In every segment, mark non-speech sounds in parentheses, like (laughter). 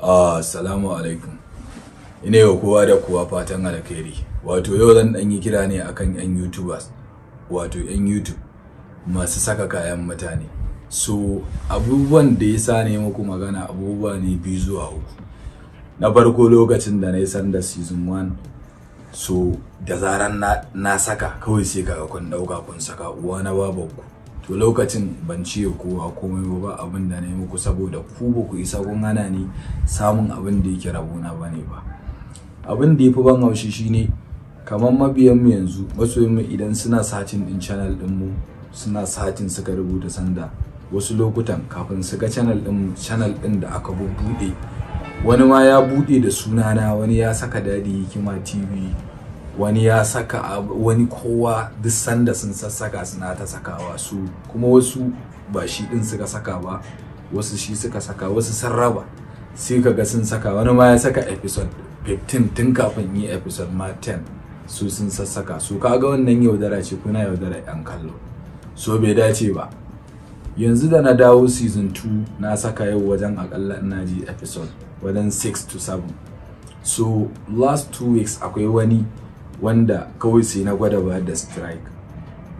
Ah, assalamu alaikum. Ine yau kowa da kowa fatan alkhairi. Wato yau zan dan yi kira ne akan yan YouTubers. Wato yan YouTube masu saka kayan mutane. So abubuwan da ya sa ne muku magana abubuwa ne biyu zuwa uku. Na farko lokacin da na yi sanda season 1 so da zaran na, na saka kawai sai kaga kun dauka kun saka uwa na babanku. to lokacin ban ce kowa komai ba ba abin da na yi muku saboda ku ba ku isa kun hana ni samun abin da yake rabona ba ne ba abin da yafi ban haushi shine kamar mu yanzu masoyin mu idan suna satin din channel mu suna satin suka rubuta sanda wasu lokutan kafin su ga channel din channel din da aka buɗe wani ma ya buɗe da sunana wani ya saka dadi hikima tv wani ya saka wani kowa duk sanda sun sassaka suna ta sakawa su kuma wasu ba shi din suka saka ba wasu shi suka saka wasu sun sai ka ga sun saka wani ma ya saka episode 15 tun kafin yi episode ma 10 su sun sassaka su kaga wannan yaudara ce kuna yaudara yan kallo so bai dace ba yanzu da na dawo season 2 na saka yau wajen akalla ina ji episode wajen 6 to 7 so last two weeks akwai wani wanda kawai sai na gwada ba da strike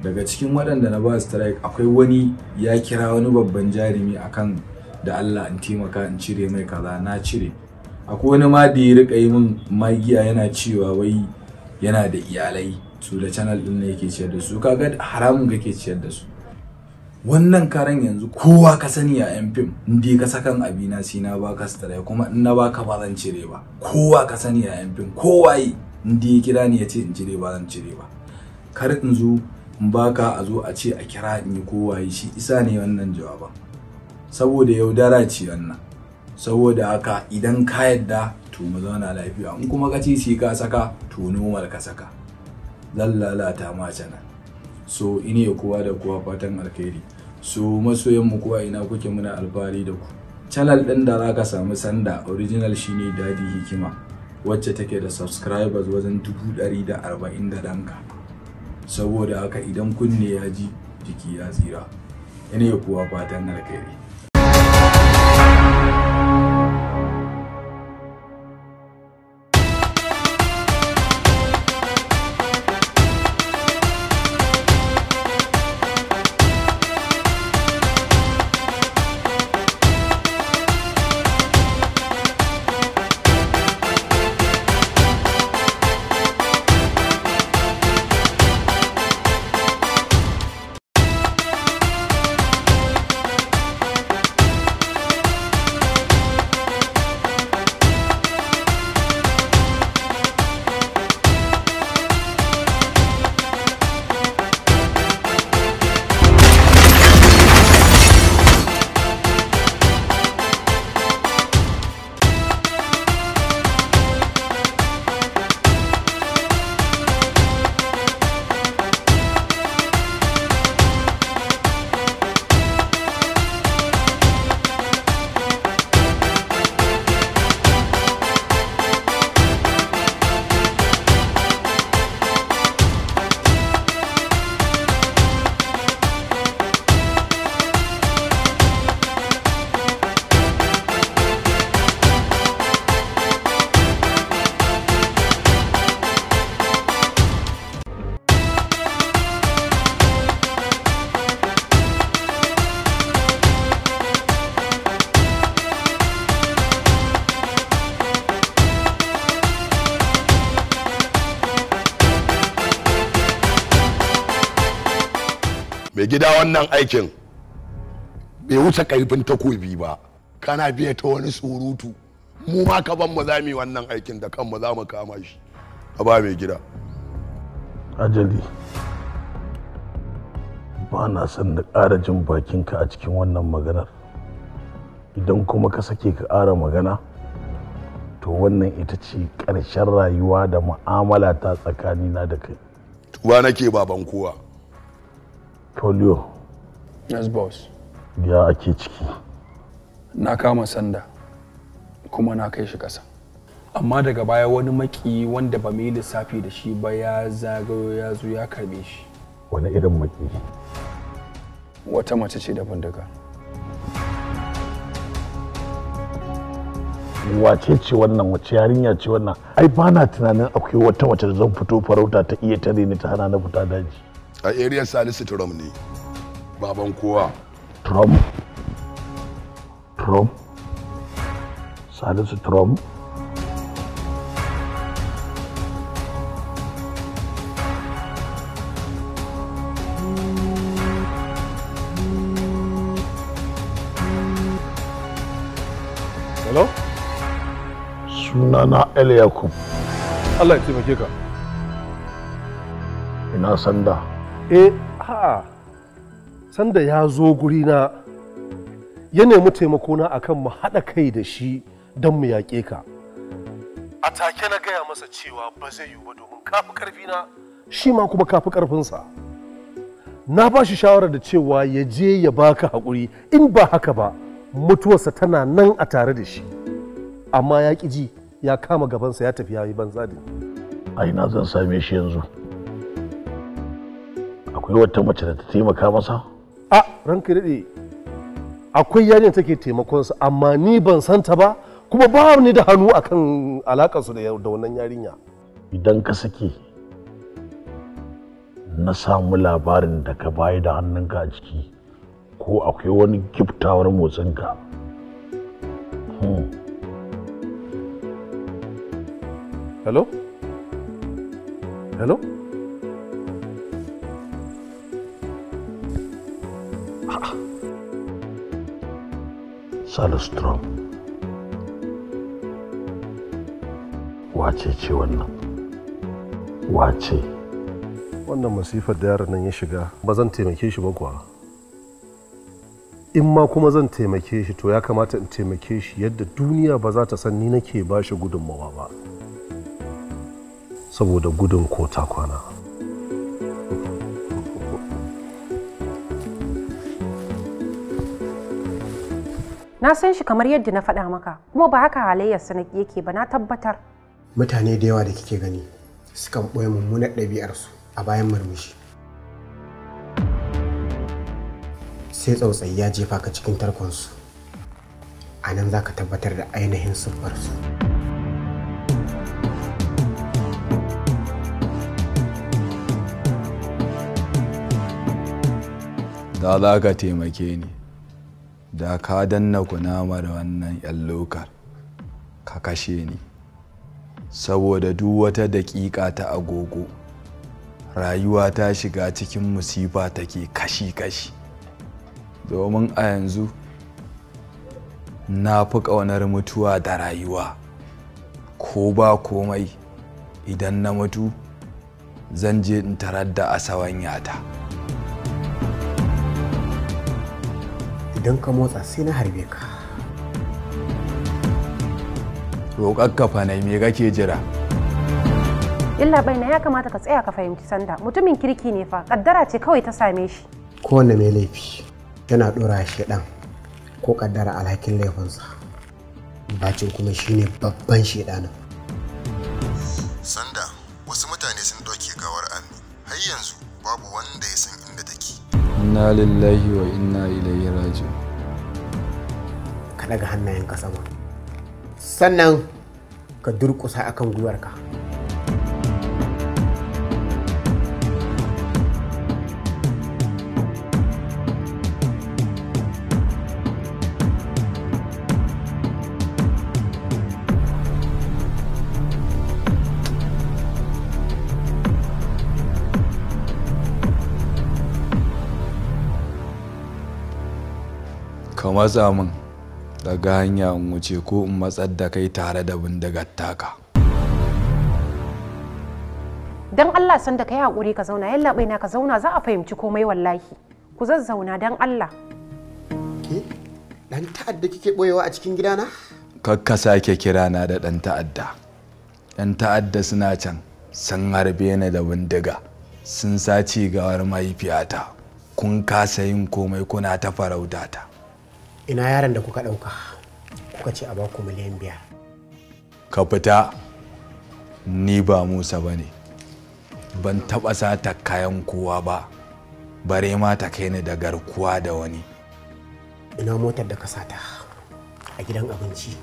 daga cikin waɗanda na ba strike akwai wani ya kira wani babban jarumi akan da Allah in taimaka in cire mai kaza na cire akwai wani ma da ya rika yi min magiya yana cewa wai yana da iyalai su da channel din ne yake ciyar da su kaga haramun ke ciyar da su wannan karan yanzu kowa ka sani a yan fim dai ka sakan abina sai na baka strike kuma in na baka ba zan cire ba kowa ka sani a yan fim kowa yi in ya kira ni ya ce in cire ba zan cire ba kar in zo in baka a zo a ce a kira in yi kowaye shi isa ne wannan jawaban saboda yaudara ce wannan saboda haka idan ka yadda to mu zauna lafiya in kuma ka ce shi ka saka to nomal ka saka zan lalata ma nan so ine kowa da kowa fatan alkhairi so masoyan mu kowa ina kuke muna alfahari da ku channel din da zaka samu sanda original shine dadi hikima wacce take da subscribers wajen dubu ɗari da arba'in da ɗanka saboda haka idan kunne ya ji jiki ya tsira ina kuwa fatan alkhairi wannan aikin bai wuce karfin takobi ba kana biya ta wani surutu mu ma ka ban mu za wannan aikin da kanmu za mu kama shi a ba mai gida ajali ba na son da ƙara jin bakinka a cikin wannan maganar idan kuma ka sake ka ƙara magana to wannan ita ce ƙarshen rayuwa da mu'amala ta tsakanina da kai tuba nake baban kowa polio Yes, boss. Ya ake ciki. Na kama sanda kuma na kai shi ƙasa. Amma daga baya wani maki wanda ba mu lissafi da shi ba ya zagayo ya zo ya karbe shi. Wani irin maki? Wata mace ce da bindiga. wace ce wannan wace yarinya ce wannan ai ba na tunanin akwai wata wace da zan fito farauta ta iya tare ni ta hana na fita daji a area salisu turam ne baban kowa trump trump salisu trump Hello? Sunana El Allah ya taimake ka. Ina sanda. Eh, ha. sanda ya zo gurina ya nemi taimakona akan mu haɗa kai da shi don mu yaƙe ka a take na gaya masa cewa ba zai yiwu ba domin kafi ƙarfina shi ma kuma kafi ƙarfinsa na ba shi shawarar da cewa ya je ya baka haƙuri in ba haka ba mutuwarsa tana nan a tare da shi amma ya ƙi ji ya kama gabansa ya tafi ya yi banza da a ina zan same shi yanzu akwai wata mace da ta taimaka masa a ranka daɗe akwai yarinyar take taimakon su amma ni ban santa ba kuma ba ni da hannu akan kan su da wannan yarinya idan ka sake na samu labarin da ka bayi da hannunka a ciki ko akwai wani kiftawar motsinka hmm. hello hello Salustrom wace ce wannan wace wannan masifar da yaran nan ya shiga ba zan taimake shi ba kuwa in ma kuma zan taimake shi to ya kamata in taimake shi yadda duniya ba za ta san ni nake ba shi gudunmawa ba saboda gudun kota kwana na san shi kamar yadda na faɗa maka kuma ba haka halayyarsa na yake ba na tabbatar mutane da yawa da kike gani sukan ɓoye mummunar ɗabi'arsu a bayan murmushi sai tsautsayi ya jefa ka cikin tarkonsu a nan za ka tabbatar da ainihin siffarsu da za taimake ni da ka danna kunama da wannan yan lokar ka kashe ni saboda duk wata daƙiƙa ta agogo rayuwa ta shiga cikin musifa take kashi-kashi domin a yanzu na fi ƙaunar mutuwa da rayuwa ko ba komai idan na mutu zan je in tarar da asawanyata. yata idan ka motsa sai na harbe ka roƙar kafa na me kake jira illa bai na ya kamata ka tsaya ka fahimci sanda mutumin kirki ne fa kaddara ce kawai ta same shi kowane mai laifi yana ɗora shi ɗan ko kaddara alhakin laifinsa bacin kuma shine babban shedanin sanda wasu mutane sun ɗauke gawar annu har yanzu babu wani inna lillahi wa inna ilaihi raji'un ka daga hannayen ka sama sannan ka durƙusa akan gwiwarka matsa min daga hanya in wuce ko in matsar da kai tare da bindigar taka dan Allah san da kai hakuri ka zauna yalla bai na ka zauna za a fahimci komai wallahi ku zazzauna dan Allah ke dan ta'adda kike boyewa a cikin gidana kakka sake kira na da ɗan ta'adda dan ta'adda suna can sun harbe ni da bindiga sun sace gawar mahaifiyata kun kasa yin komai kuna ta farauta ta ina yaron da kuka ɗauka kuka ce a baku miliyan biyar ka fita ni ba musa ba ne ban taɓa sata kayan kowa ba bare ma ta kai ni da garkuwa da wani ina motar da ka sata a gidan abinci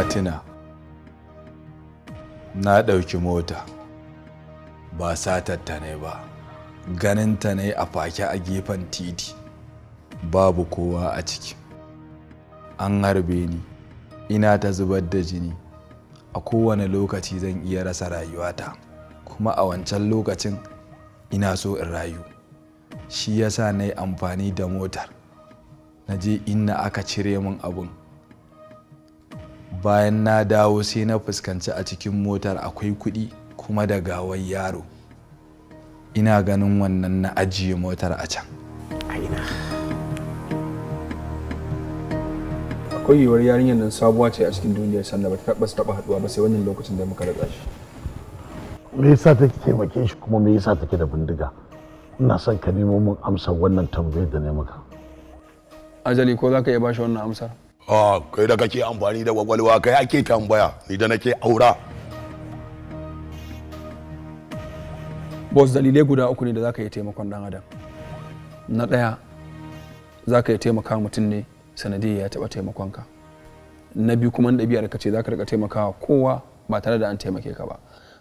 na na ɗauki mota ba satatta ne ba ganin ganinta ne a fake a gefen titi babu kowa a ciki an harbe ni ina ta zubar da jini a kowane lokaci zan iya rasa rayuwata kuma a wancan lokacin ina so in rayu shi yasa na yi amfani da motar na je inna aka cire min abin bayan na dawo sai na fuskanci a cikin motar akwai kuɗi kuma da gawar yaro ina ganin wannan na ajiye motar a can akwai yiwuwar yarinyar nan sabuwa ce a cikin duniyar sanda ba ta taba taɓa ba sai wannan lokacin da muka ratsa shi me yasa take taimake shi kuma me yasa take da bindiga ina son ka nemo mun amsar wannan tambayar da ne maka ajali ko za ka iya shi wannan amsar a ah, kai da kake amfani da kwakwalwa kai ake tambaya ni da nake aura boss dalilai guda uku ne da zaka yi taimakon dan adam na ɗaya zaka yi taimaka mutum ne sanadiyya ya taɓa taimakonka na biyu kuma ɗabi'ar ka ce zaka rika taimakawa kowa ba tare da an taimake ka ba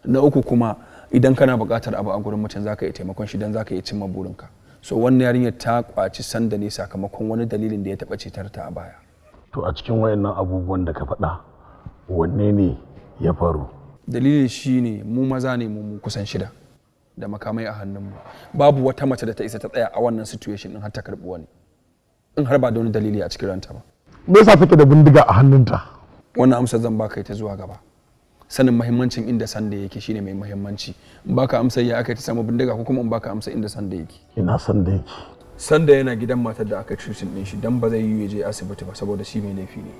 na uku kuma idan kana buƙatar abu a gurin mutum zaka yi taimakon shi dan zaka yi cimma burinka so wannan yarinyar ta kwaci sanda ne sakamakon wani dalilin da ya taba cetar ta a baya to a cikin wayannan abubuwan da ka faɗa wanne ne ya faru dalili ne mu maza ne mu kusan shida da makamai a hannun mu babu wata mace da ta isa ta tsaya a wannan situation in har ta karɓi wani in har ba da wani dalili a cikin ranta ba me yasa take da bindiga a hannunta wannan amsa zan baka ita zuwa gaba sanin mahimmancin inda sanda yake shine mai mahimmanci in baka amsa ya aka ta samu bindiga ko kuma in baka amsa inda sanda yake ina sanda yake sanda yana gidan matar da aka cutin din shi dan ba zai yi je asibiti ba saboda shi mai laifi ne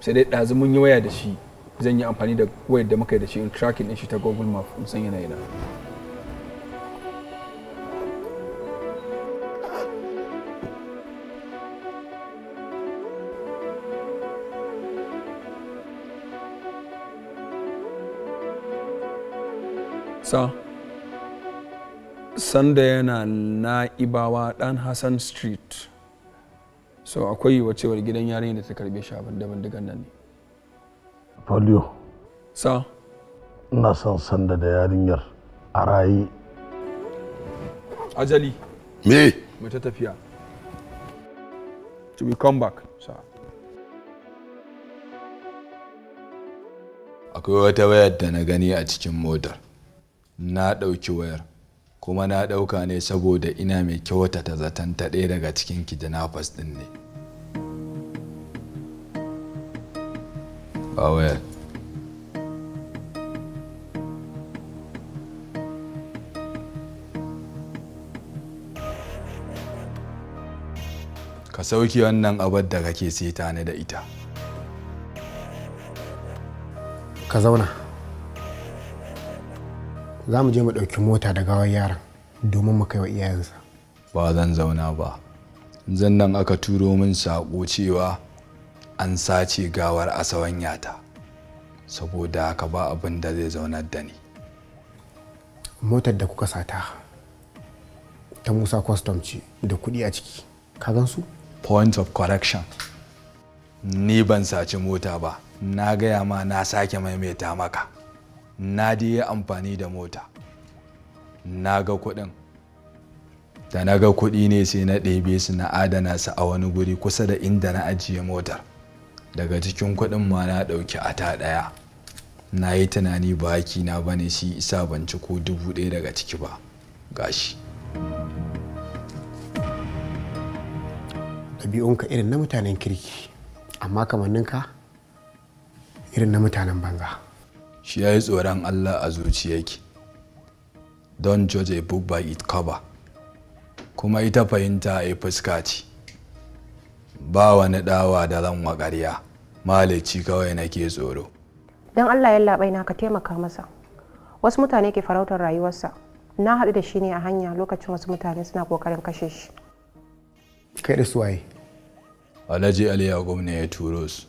sai dai ɗazu mun yi waya da shi zan yi amfani da wayar da muka yi da shi in tracking din shi ta google map in san yana yana So. sanda yana na'ibawa dan hassan street so akwai wacewar cewar gidan yarinya da ta karbe shi abin da bindigan nan ne folio sa ina son sanda da yarinyar a raye ajali me mai ta tafiya to be come back sa akwai wata wayar da na gani a cikin motar na ɗauki wayar kuma na ɗauka ne saboda ina mai ta zaton ta ɗaya daga cikin kidnappers ɗin ne Ka sauki wannan abar da kake sai ni da ita. Ka zauna. za mu je mu ɗauki mota da gawar yaran domin mu kai wa iyayensa ba zan zauna ba zan nan aka turo min saƙo cewa an sace gawar asawanyata saboda haka ba abin da zai zaunar da ni motar da kuka sata ta musa custom ce da kuɗi a ciki ka gan su point of correction ni ban sace mota ba na gaya ma na sake maimaita maka na ya yi amfani da mota na ga kuɗin da na ga kuɗi ne sai na ɗebe su na adana su a wani guri kusa da inda na ajiye motar daga cikin kuɗin ma na ɗauki ata ɗaya na yi tunani ba haki na bane shi isa ban ci ko dubu ɗaya daga ciki ba gashi ɗabi'unka irin na mutanen kirki amma kamanninka irin na mutanen banga shi ya yi tsoron Allah a zuciyarki don judge a book by its cover kuma ita fahimta a fuska ce ba wani dawa da zan wa ƙarya malici kawai nake tsoro don Allah ya labai na ka taimaka masa wasu mutane ke farautar rayuwarsa na haɗu da shi ne a hanya lokacin wasu mutane suna ƙoƙarin kashe shi kai da suwaye alhaji ali ne ya turo su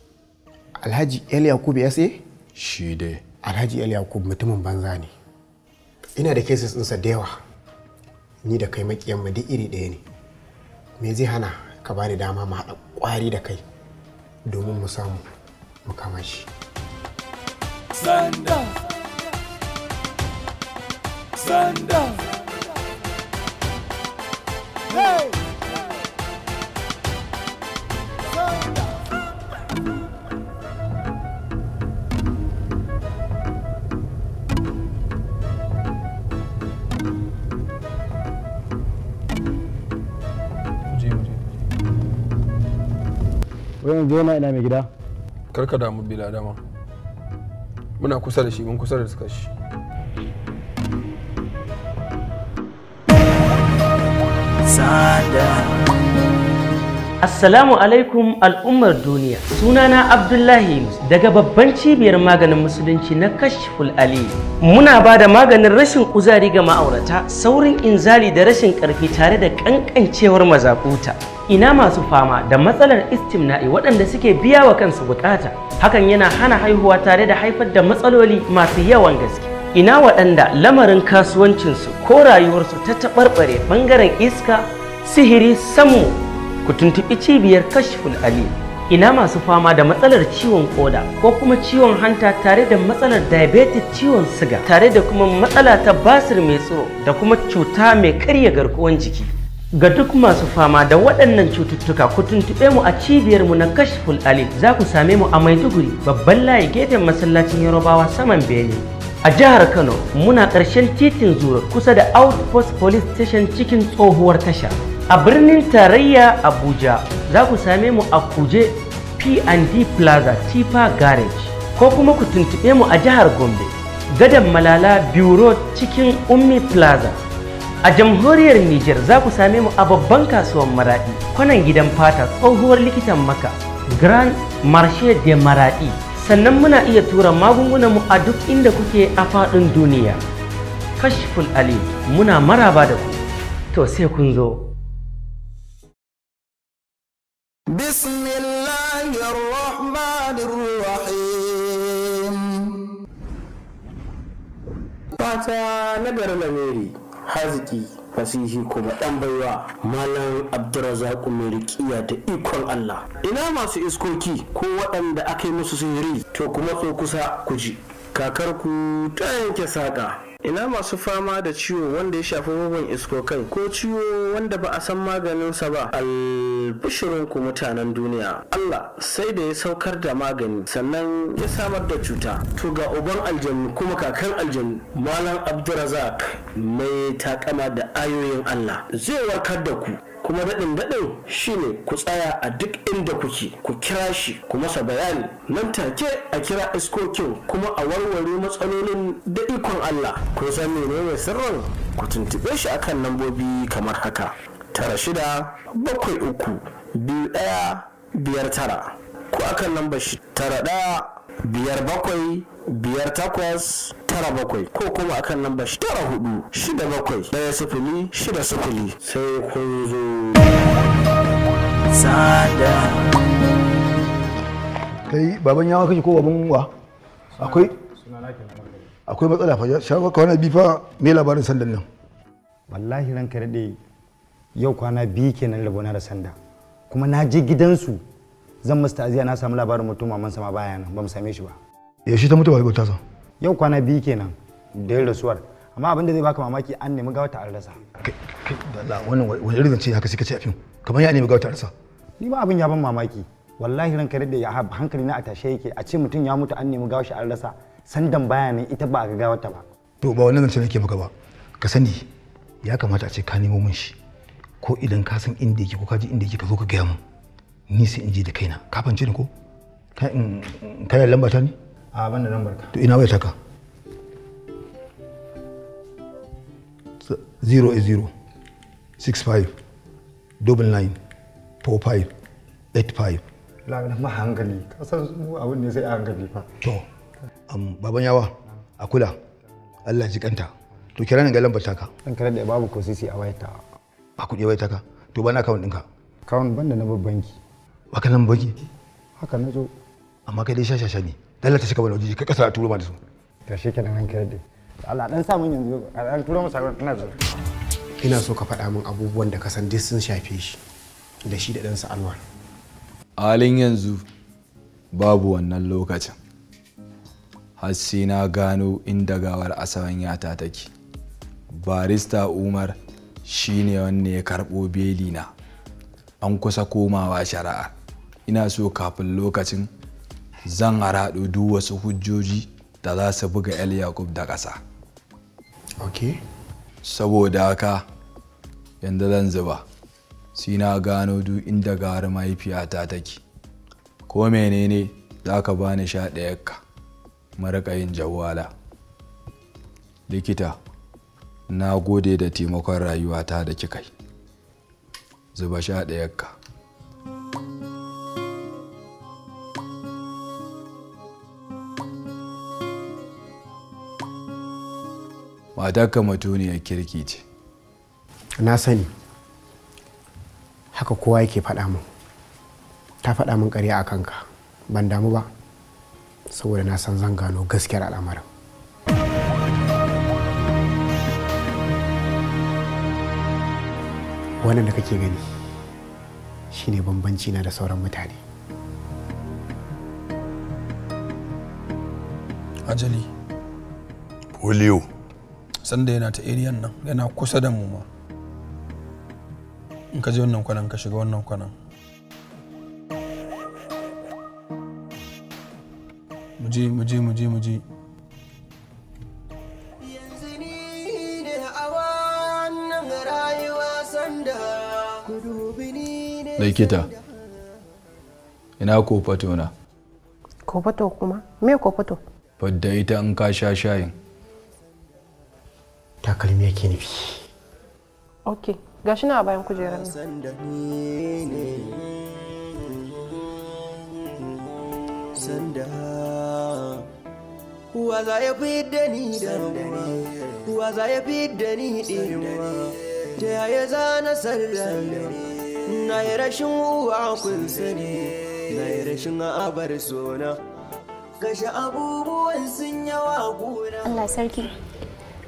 alhaji ali ya sai shi dai alhaji el yakub mutumin banza ne ina da cases ɗinsa da yawa ni da kai makiyan mu duk iri ɗaya ne me zai hana ka bani dama mu haɗa ƙwari da kai domin mu samu mu kama shi sanda sanda hey! yanzu yana ina mai gida karka damu bila dama muna kusa da shi mun kusa da suka shi Assalamu alaikum al'ummar duniya sunana Abdullahi daga babban cibiyar maganin musulunci na Kashful Ali. Muna ba da maganin rashin kuzari ga ma'aurata saurin inzali da rashin ƙarfi tare da ƙanƙancewar mazakuta. ina masu fama da matsalar istimna'i waɗanda suke biya wa kansu bukata hakan yana hana haihuwa tare da haifar da matsaloli masu yawan gaske ina waɗanda lamarin kasuwancinsu ko rayuwarsu ta taɓarɓare ɓangaren iska sihiri samu ku tuntuɓi cibiyar kashful ali ina masu fama da matsalar ciwon koda ko kuma ciwon hanta tare da matsalar diabetes ciwon siga tare da kuma matsala ta basir mai tsoro da kuma cuta mai karya garkuwan jiki Ga duk masu fama da waɗannan cututtuka ku tuntuɓe mu a cibiyar mu na Kashful Ali za ku same mu a Maiduguri babban layi gefen masallacin Yarobawa saman Bene. A jihar Kano muna ƙarshen titin Zuro kusa da Outpost Police Station cikin tsohuwar tasha. A birnin tarayya Abuja za ku same mu a Kuje P&D Plaza Tifa Garage ko kuma ku tuntuɓe mu a jihar Gombe. Gadon Malala Bureau cikin Ummi Plaza. A jamhuriyar Nijar za ku same mu a babban kasuwar Maraɗi, kwanan gidan fata tsohuwar likitan maka, Grand Marché de Maraɗi. Sannan muna iya tura magungunan mu a duk inda kuke a faɗin duniya. Kashful Ali muna maraba da ku, to sai kun zo. Fata na garin haziki fasihi kuma dan baiwa malam abdurrazak mai rikiya da ikon allah ina masu iskoki ko waɗanda aka yi musu sihiri to kuma tso kusa ku ji kakarku ta yanke saƙa ina masu fama da ciwo wanda ya shafi bugun iskokai ko ciwo wanda ba a san maganinsa ba ku mutanen duniya Allah sai da ya saukar da magani sannan ya samar da cuta to ga uban aljannu kuma kakan aljannu malam abdurazak mai takama da ayoyin Allah zai warkar da ku kuma daɗin daɗin shine ku tsaya a duk inda kuke ku kira shi ku masa bayani nan take a kira iskokin kuma a warware matsalolin da ikon Allah kun san menene sirrin ku tuntube shi akan lambobi kamar haka tara shida bakwai uku biyu ɗaya biyar tara ko akan lambar shi tara ɗaya biyar bakwai biyar takwas tara bakwai ko kuma akan lambar tara hudu shida bakwai daya sifili shida sifili sai kun zo tsada kai baban yawa kake ko baban wa akwai akwai matsala fa shafa ka wani bifa me labarin sandan nan wallahi ranka daɗe yau kwana biyu kenan rabona da sanda kuma na je gidansu zan musta aziya na samu labarin mutum maman sama baya nan ba mu same shi ba ya shi ta mutu ba ta sa. yau kwana biyu kenan da yin rasuwar amma abin da zai baka mamaki an nemi gawata an rasa wani wani irin ce haka suka ce a fim kamar ya nemi gawata an rasa ni ma abin ya ban mamaki wallahi ranka da ya hankali na a tashe yake a ce mutum ya mutu an nemi gawashi an rasa sandan baya ne ita ba ga gawata ba to ba wannan zance nake maka ba ka sani ya kamata a ce ka nemo min shi ko idan ka san inda yake ko ka ji inda yake ka zo ka gaya min ni sai in je da kaina ka fahimci ni ko kai in kai lamba ta ne a ban da lambar ka to ina waya taka zero is zero six five double nine four five eight five lagana ma hankali kasan mu abin ne sai a hankali fa to baban yawa a kula Allah ji kanta to kira nan ga lambar taka dan kare da babu ko sisi a wayata ba kuɗi wayata ka to bana account ɗinka account banda na babban ki ba ka nan banki haka na zo amma kai dai shashasha ne Allah ta shiga wani waje ka kasa a turo ma da su ta shi kenan ranka da Allah dan sa mun yanzu a turo masa ina zo ina so ka faɗa min abubuwan da ka san duk sun shafe shi da shi da ɗansa Anwar halin yanzu babu wannan lokacin har sai na gano inda gawar asaban yata take barista umar shine wanne ya karɓo beli na an kusa komawa shari'a ina so kafin lokacin zan haraɗo duk wasu hujjoji da za su buga el yakub da ƙasa ok saboda haka yanzu zan zuba sai na gano duk inda gari mahaifiyata take ko menene za ka bani sha Maraƙayin marika yin jawala likita na gode da taimakon rayuwata da kikai zuba sha matarka matuniyar kirki ce na sani haka kowa yake faɗa min ta faɗa min ƙarya a kanka ban damu ba saboda na san zan gano gaskiyar al'amarin wannan da kake gani shine bambanci na da sauran mutane ajali polio sanda yana ta eriyan nan yana kusa da mu ma in ka je wannan kwanan ka shiga wannan kwanan muje muje muje muje likita ina kofato na kofato kuma me kofato fadda ita in ka sha shayin takalmi yake nufi ok gashi na bayan kujerar ne. sanda kuwa za ya fi da ni da ruwa kuwa za ya fi da ni ɗinwa ya yaya za na sarra na yi rashin uwa kun sani na yi rashin abar sona gashi abubuwan sun yawa gura Allah sarki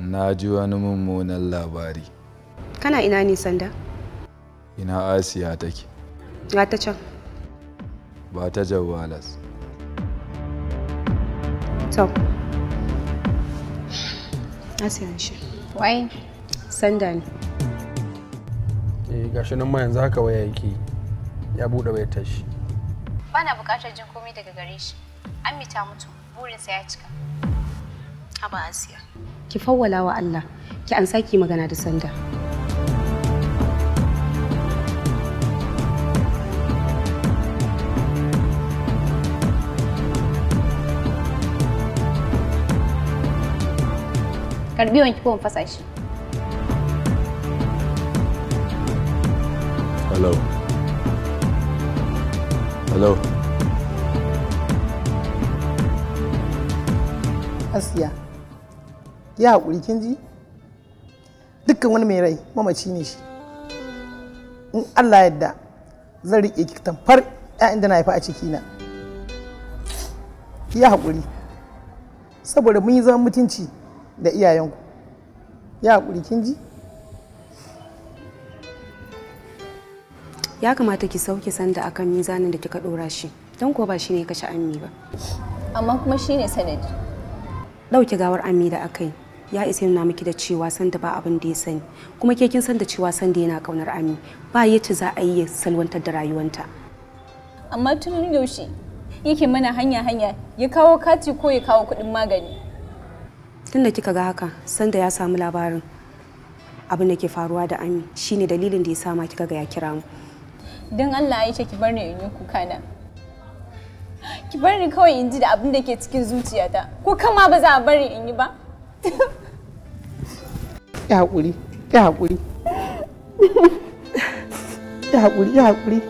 na ji wani mummunan labari kana ina ne sanda ina asiya take ga ta can ba ta jawalas to asiyan shi wai sanda ne eh gashi nan ma yanzu haka waya yake ya bude wayar tashi bana bukatar jin komai daga gare shi ta mutu burinsa ya cika haba asiya ki fawwala wa Allah ki an saki magana da sanda karbi wanki ko fasa shi hello hello asiya ya haƙuri kin ji dukkan wani mai rai mamaci ne shi in Allah yadda zan riƙe ki tamfar ƴaƴan da na haifa a cikina na ya haƙuri saboda mun yi zaman mutunci da iyayenku ya haƙuri kin ji ya kamata ki sauke sanda akan mizanin da kika ɗora shi don ko ba shi ne kashe ammi ba amma kuma shi ne sanadi ɗauki gawar ammi da aka yi ya isa nuna miki da cewa sanda ba abin da ya sani kuma ke kin san da cewa sanda yana kaunar ami ba yace za a yi salwantar da rayuwanta amma tun yaushe yake mana hanya hanya ya kawo kati ko ya kawo kuɗin magani da kika ga haka sanda ya samu labarin abin da ke faruwa da ami shine dalilin da ya sama kika ga ya kira mu don Allah ya ce ki bar ni in yi kuka na ki bar ni kawai in ji da abin da ke cikin zuciyata ko kama ba za a bari in yi ba ya haƙuri ya haƙuri ya haƙuri ya haƙuri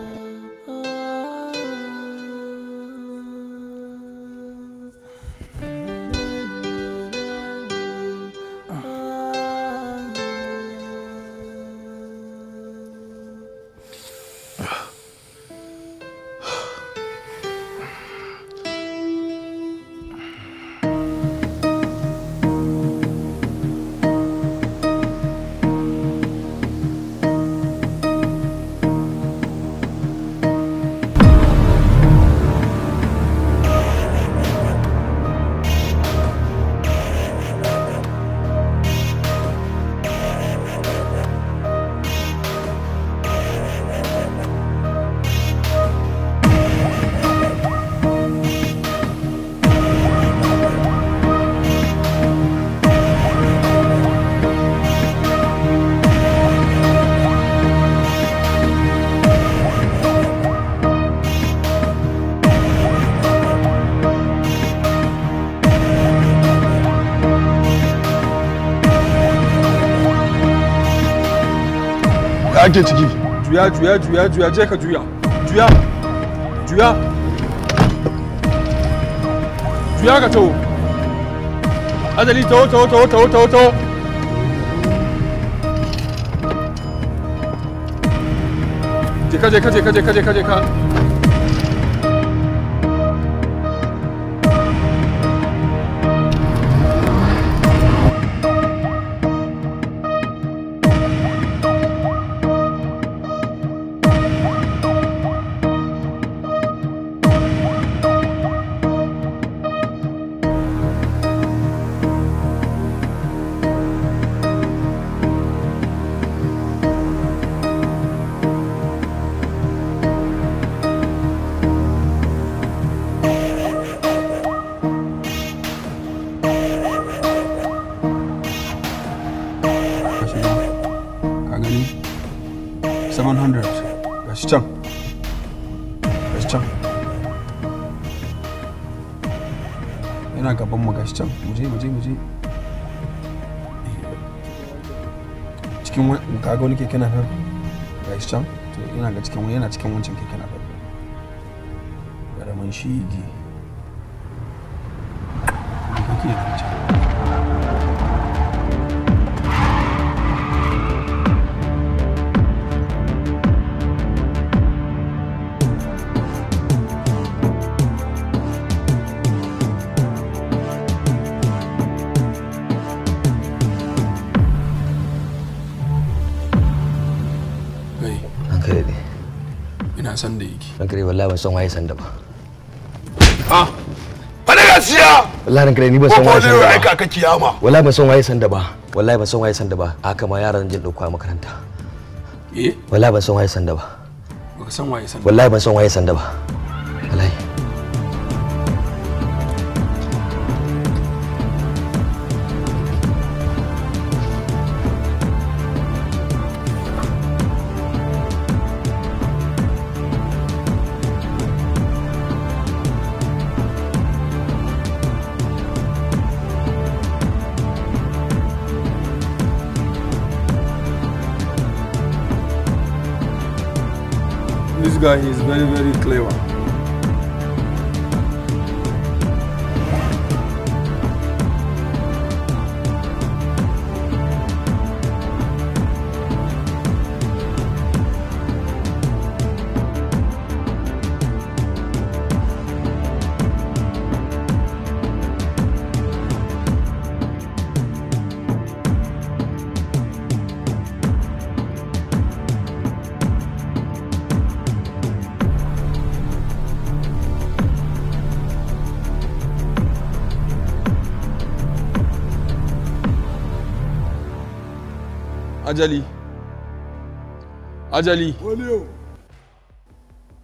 ake as juya juya juya juya je ka juya juya juya juya ka Tu as, taho taho to, to, to, to, je ka ka 700 gashi can gashi can yana gaban mu gashi can muje muje muje cikin kaga wani keke na gashi can to yana ga cikin wani yana cikin wancan keke na garaman shigi kake da wancan kare wallahi ban san waye sanda ba ah fada gaskiya wallahi ran kare ni ban san waye sanda ba wallahi ka kiyama wallahi ban san waye sanda ba wallahi ban san waye sanda ba haka ma yaran jin dauka makaranta eh wallahi ban san waye sanda ba baka san waye sanda wallahi ban san waye sanda ba very, very clever. ajali ajali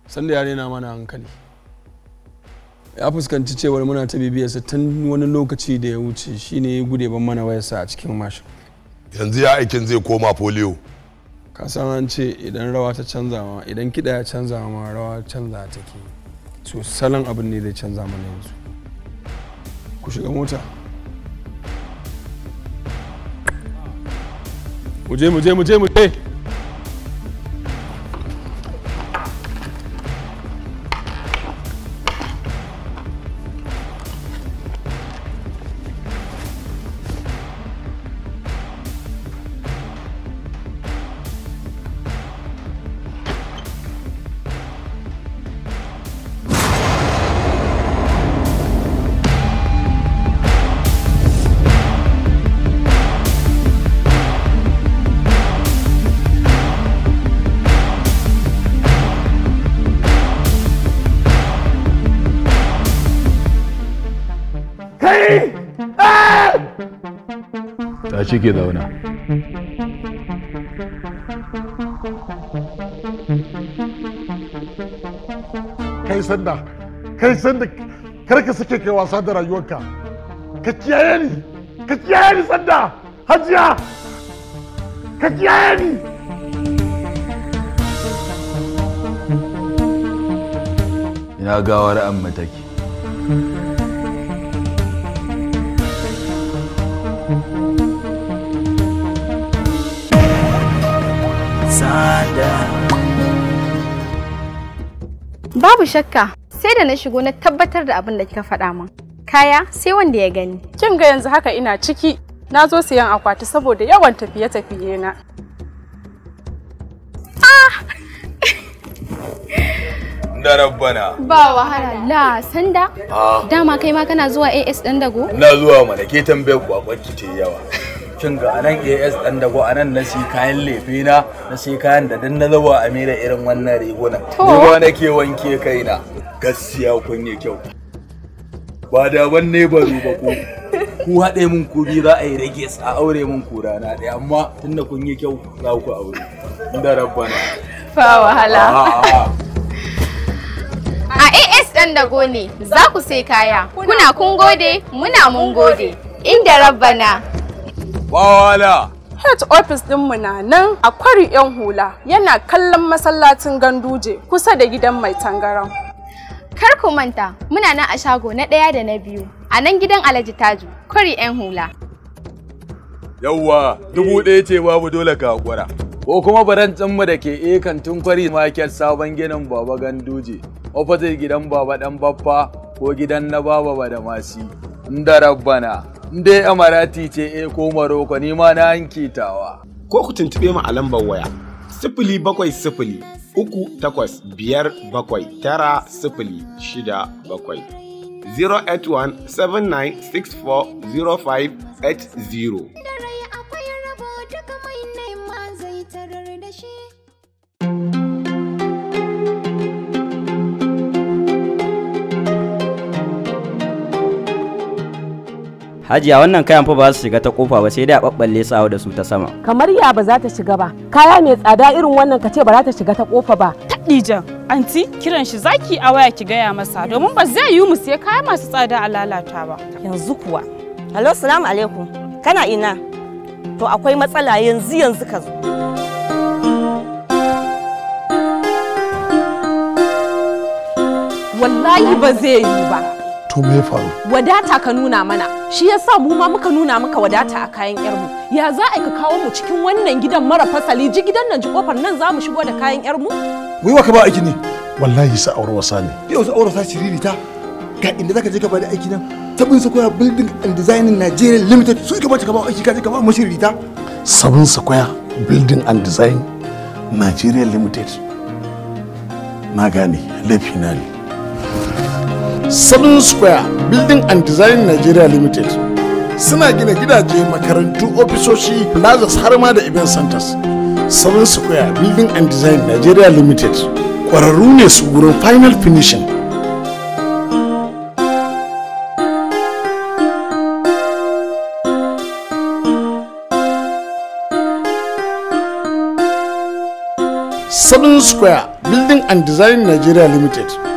sanda ya rena mana hankali ya fuskanci cewar muna ta sa tun wani lokaci da ya wuce shine ya gude ban mana wayar sa a cikin mashin yanzu ya aikin zai koma polio ka san an ce idan rawa ta canza ma idan kiɗa ya canza ma rawa canza take so salon abin ne zai canza mana yanzu ku shiga mota mu je mu mu je tashi ke zauna kai sanda kai sanda kar ka sake kai wasa da rayuwarka ka kiyaye ni ka kiyaye ni sanda hajiya ka kiyaye ni ina gawar an mataki Babu shakka sai da na shigo na tabbatar da abin da kika faɗa min. Kaya sai wanda ya gani. Kin ga yanzu haka ina ciki na zo siyan akwati saboda yawan tafiye-tafiye na. Ah! (laughs) rabbana. Ba wahala. La sanda. Ah. Dama kai ma kana zuwa AS ɗan dago? Na zuwa mana ke tambayar ku a ce yawa. (laughs) cin ga anan as dan dago anan na sai kayan lefe na na kayan da dan na zuba a mera irin wannan rigunan. ni ba nake wanke kaina gaskiya kun yi kyau ba da wanne ba ba ko ku haɗe mun ku bi za a yi rage a aure mun ku rana ɗaya amma tunda kun yi kyau za ku aure da rabbana fa wahala a as ɗan dago ne za ku sai kaya kuna kun gode muna mun gode inda rabbana wala. Hat office dinmu na nan a kwari yan hula yana kallon masallacin ganduje kusa da gidan mai tangaran. Kar ku manta muna nan a shago na ɗaya da na biyu a nan gidan Alhaji Taju kwari yan hula. Yawwa dubu ɗaya ce babu dole ka hakura. Ko kuma baran mu da ke e kantin kwari market sabon ginin Baba Ganduje opposite gidan Baba Dan Baffa ko gidan na Baba da masi. Inda rabbana. dai amarati ce e ko maroko ni ma na hankitawa ko ku tuntube mu a lambar waya sifili bakwai sifili uku takwas biyar bakwai tara sifili shida bakwai 081 7964 0580 Hajiya wannan kayan fa ba su shiga ta kofa ba sai dai a babballe su da su ta sama. Kamar ya ba za ta shiga ba. Kaya mai tsada irin wannan kace ba za ta shiga ta kofa ba. Taɗijan, anti kiran shi zaki a waya ki gaya masa domin ba zai yi mu sai kaya masu tsada a lalata ba. Yanzu kuwa. Hello, salamu alaikum. Kana ina? To akwai matsala yanzu yanzu ka zo. Wallahi ba zai yi ba. to me faru wadata ka nuna mana shi yasa mu ma muka nuna maka wadata a kayan mu, ya za a ka kawo mu cikin wannan gidan mara fasali ji gidan nan ji kofar nan za mu shigo da kayan mu. wai wa ka ba aiki ne wallahi sa aure wasa ne yau sa aure sa shiriri ta ga inda zaka je ka bada aiki nan Sabin sakwaya building and designing Nigeria limited su ka bata ka ba aiki ka je ka ba mu shiriri ta sabin sakwaya building and design Nigeria limited na gane laifi na ne Southern Square Building and Design Nigeria Limited suna gina gidaje makarantu ofisoshi plazas har ma da event centers. Southern Square Building and Design Nigeria Limited ƙwararru ne su wurin final finishing. Southern Square Building and Design Nigeria Limited